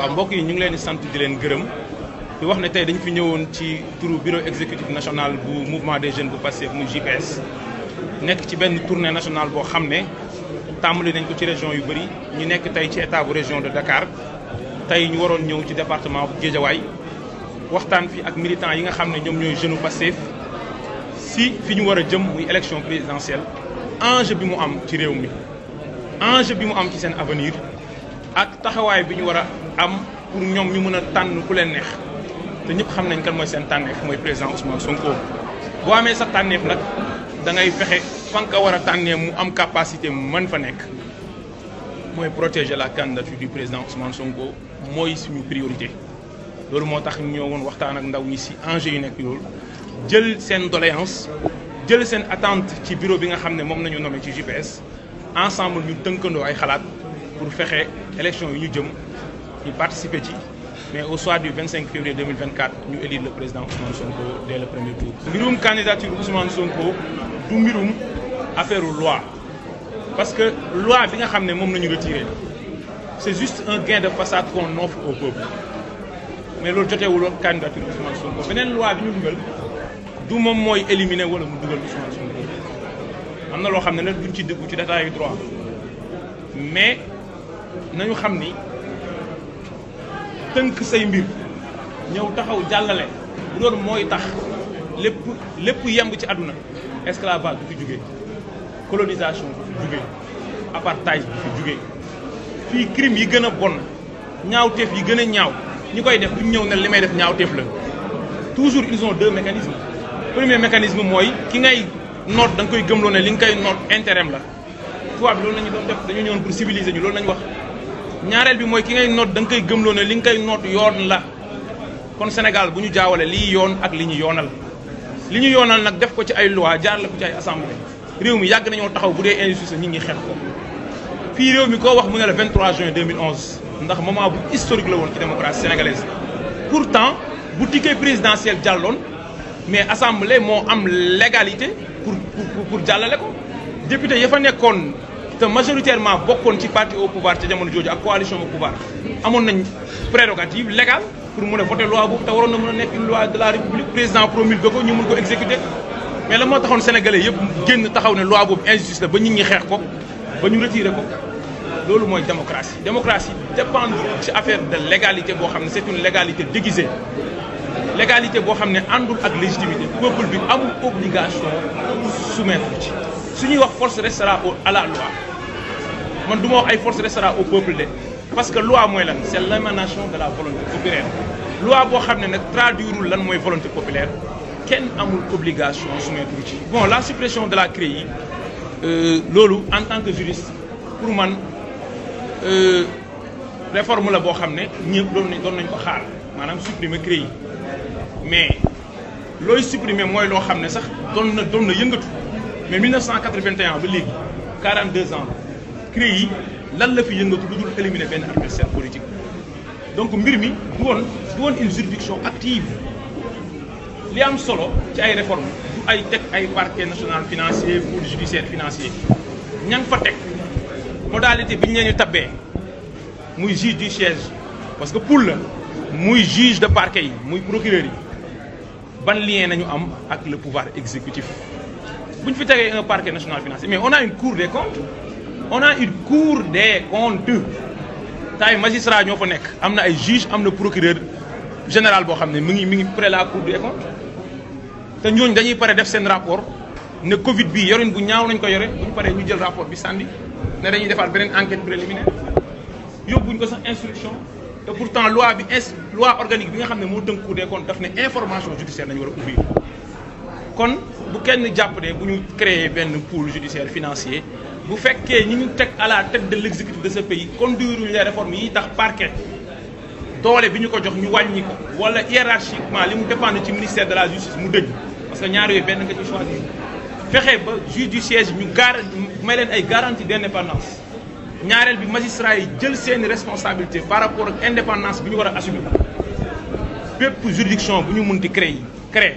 waaw mbokk yi ñu ngi leen di sant di leen gërëm di wax ne tey dañu fi ñëwoon ci turu bureau exécutif national bu mouvement des jeunes bu Pastef muy JPS nekk ci benn tournée nationale boo xam ne tàmbali nañ ko ci région yu bëri ñu nekk tey ci état bu région de Dakar tey ñu waroon ñëw ci département bu Guédiawaye waxtaan fi ak militants yi nga xam ne ñoom ñooy jeune Pastef si fi ñu war a jëm muy élection présidentielle enjeu bi mu am ci réew mi enjeu bi mu am ci seen avenir ak taxawaay bi ñu war a am pour ñom ñu mëna a ku leen neex te ñëpp xam nañ kan moy seen tànneef moy président Ousmane Sonko bo amé sa tànneef nak da ngay fexé fa nga mu am capacité mu mën fa nekk moy protéger la candidature du président Ousmane Sonko mooy suñu priorité. lolu moo tax ñu ñëwoon waxtaan ak ndaw ñi si enjeu yu nekk loolu jël seen doléance jël seen attente ci bureau bi nga xamné mom nañu nommé ci GPS ensemble ñu tënkandoo ay xalaat pour fexé élection yi ñu jëm qui participer ci mais au soir du 25 février 2024 nous élisons le président Ousmane Sonko dès le premier tour. une candidature Ousmane Sonko du mbirum affaire loi parce que loi bi nga xam ne moom la retiré c'est juste un gain de façade qu'on offre au peuple mais nous avons une candidature Ousmane Sonko une loi bi ñu dugal du moom mooy éliminer wala mu Ousmane Sonko Nous avons a xam ne nag ci droit mais nous avons dit tënk say mbir ñëw taxaw jàllale bu doon mooy tax lépp lépp yemb ci aduna esclavage bi fi jugee colonisation bi fi jugee apartheid bi fi jugee fii crime yi gën a bon ñaawteef yi gën a ñaaw ñi koy def duñ ñëw ne li may def ñaawteef la toujours ils ont deux mécanismes premier mécanisme mooy ki ngay note da nga koy gëmloo ne li nga koy noot intérêt la tubaab bi loolu la ñu doon def dañu ñëwoon pour civiliser ñu loolu lañu wax ñaarel bi moy ki ngay note dang koy gëmloo ne li ngay note yoon la kon Sénégal buñu jaawale li yoon ak li ñu yoonal li ñu yoonal nag def ko ci ay loi jaar la ko ci ay assemblée réew mi yàgg nañoo taxaw bu dee injustice ñi ngi ko fi réew mi wax mu ne la 23 juin 2011 ndax moment bu historique la woon ci démocratie sénégalaise pourtant bu ticket présidentiel jàlloon mais assemblée mo am légalité pour pour pour jàllale ko député ya fa nekkoon majoritairement bokone ci parti au pouvoir ci jamono jojo ak coalition au pouvoir amoon nañ prérogative légale pour mën voter loi boobu te waroon na mën une loi de la république président promulgue ko ñu mën ko exécuter mais la mo taxone sénégalais yépp genn taxaw ne loi boobu injuste ba nit ñi xeex ko ba ñu retirer ko lolu moy démocratie démocratie dépend ci affaire de légalité bo xamné c'est une légalité déguisée légalité bo xamné andul ak légitimité peuple bi amul obligation soumettre ci si ñuy wax force restera à la loi man du pas force restera au peuple parce que la loi c'est l'émanation de la volonté populaire La loi c'est xam la traduire volonté populaire Quelle amul obligation de bon la suppression de la CREI euh, en tant que juriste pour moi, euh, réforme la réforme, xam ne pas nous nañ ko supprimer CREI mais loi supprimer mooy loo ne sax doon mais 1981 42 ans créé, l'un lan la de yëngatu éliminer adversaire politique donc il y du une juridiction active li am solo ci ay réformes ay parquet national financier le judiciaire financier Nous avons fa une modalité nous ñu leen juge du siège parce que pour le juge de parquet le procureur yi ban lien nañu am le pouvoir exécutif bu ñu fi un parquet national financier mais on a une cour des comptes on a une cour des comptes tay magistrat ñoo fa nekk am ay juge am procureur général boo xam mi ngi près la cour des comptes te ñooñu dañuy pare def seen rapport le Covid bi y bu ñaaw nañ ko yore bu ñu ñu jël rapport bi Sandy. ne dañuy defaat beneen enquête préliminaire yóbbuñ ko sax instruction et pourtant loi bi loi organique bi nga xam ne moo cour des comptes daf une information judiciaire nañu war a kon bu kenn jàpp vous nous créer pôle judiciaire financier Vous faites que nous sommes à la tête de l'exécutif de ce pays conduire les réformes yi tax parquet dans les ñu ko jox ñu wàññi wala hiérarchiquement li mu dépendre ministère de la justice mu parce que ñaar avons benn nga ci choisir fexe ba juge du siège ñu nous may ay garantie d'indépendance ñaareel bi magistrat yi jël une responsabilité par rapport à l'indépendance qu'il nous assumer bépp juridiction nous ñu munti créer créer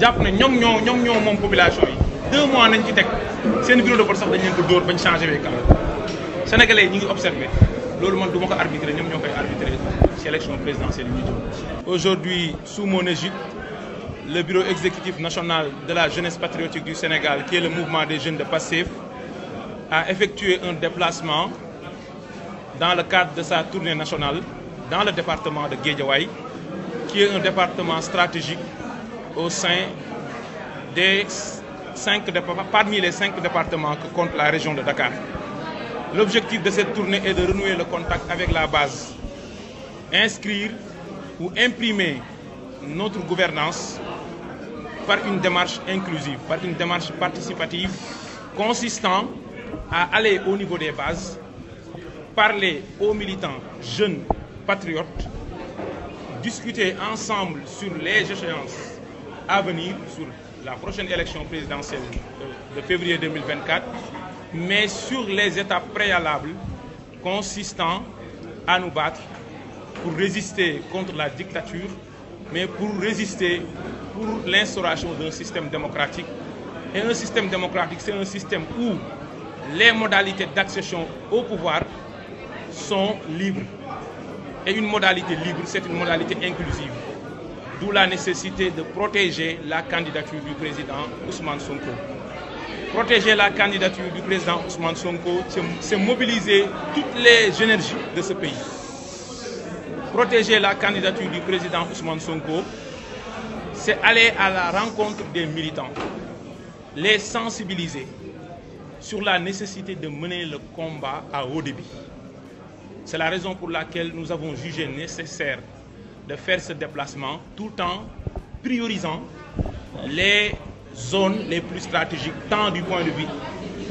jàpp ne ñoo ñoo population deux mois nañ ci teg un bureau de vote sax dañ leen ko changer bañ changé Les sénégalais yi ñu ngi observé loolu man ko arbitré ñoom ñoo arbitré présidentielle aujourd'hui sous mon égypte, le bureau exécutif national de la jeunesse patriotique du Sénégal qui est le mouvement des jeunes de Passif, a effectué un déplacement dans le cadre de sa tournée nationale dans le département de Guédiawaye qui est un département stratégique au sein des cinq parmi les cinq départements que compte la région de Dakar. L'objectif de cette tournée est de renouer le contact avec la base, inscrire ou imprimer notre gouvernance par une démarche inclusive, par une démarche participative consistant à aller au niveau des bases, parler aux militants jeunes patriotes, discuter ensemble sur les échéances à venir sur la prochaine élection présidentielle de février 2024, mais sur les étapes préalables consistant à nous battre pour résister contre la dictature, mais pour résister pour l'instauration d'un système démocratique. Et un système démocratique, c'est un système où les modalités d'accession au pouvoir sont libres. Et une modalité libre, c'est une modalité inclusive d'où la nécessité de protéger la candidature du président Ousmane Sonko. Protéger la candidature du président Ousmane Sonko, c'est mobiliser toutes les énergies de ce pays. Protéger la candidature du président Ousmane Sonko, c'est aller à la rencontre des militants, les sensibiliser sur la nécessité de mener le combat à haut débit. C'est la raison pour laquelle nous avons jugé nécessaire de faire ce déplacement tout en priorisant les zones les plus stratégiques, tant du point de vue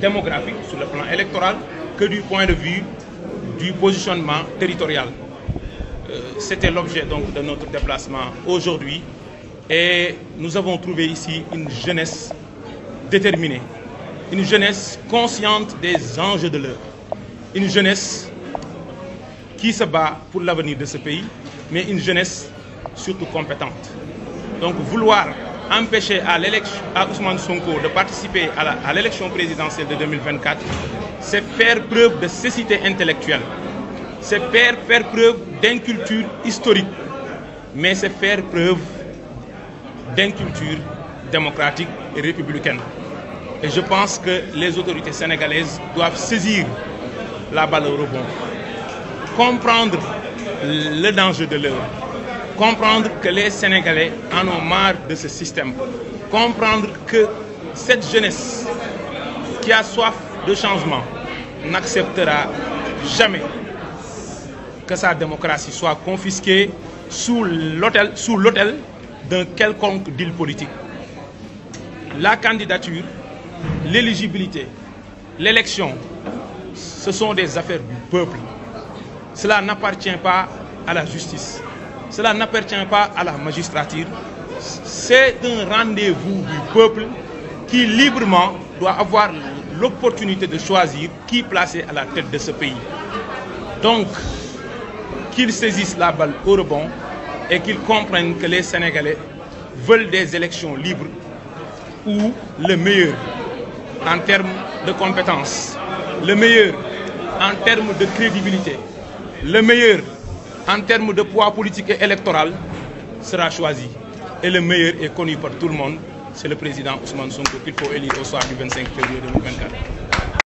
démographique sur le plan électoral que du point de vue du positionnement territorial. Euh, c'était l'objet donc de notre déplacement aujourd'hui et nous avons trouvé ici une jeunesse déterminée, une jeunesse consciente des enjeux de l'heure, une jeunesse qui se bat pour l'avenir de ce pays mais une jeunesse surtout compétente. Donc vouloir empêcher à, Ousmane Sonko de participer à l'élection présidentielle de 2024, c'est faire preuve de cécité intellectuelle, c'est faire, faire preuve culture historique, mais c'est faire preuve d'une culture démocratique et républicaine. Et je pense que les autorités sénégalaises doivent saisir la balle au rebond, comprendre le danger de l'euro. Comprendre que les Sénégalais en ont marre de ce système. Comprendre que cette jeunesse qui a soif de changement n'acceptera jamais que sa démocratie soit confisquée sous l'autel sous d'un quelconque deal politique. La candidature, l'éligibilité, l'élection, ce sont des affaires du peuple. Cela n'appartient pas à la justice. Cela n'appartient pas à la magistrature. C'est un rendez-vous du peuple qui librement doit avoir l'opportunité de choisir qui placer à la tête de ce pays. Donc, qu'ils saisissent la balle au rebond et qu'ils comprennent que les Sénégalais veulent des élections libres ou le meilleur en termes de compétences, le meilleur en termes de crédibilité, le meilleur en termes de poids politique et électoral sera choisi. Et le meilleur est connu par tout le monde, c'est le président Ousmane Sonko qu'il faut élire au soir du 25 février 2024.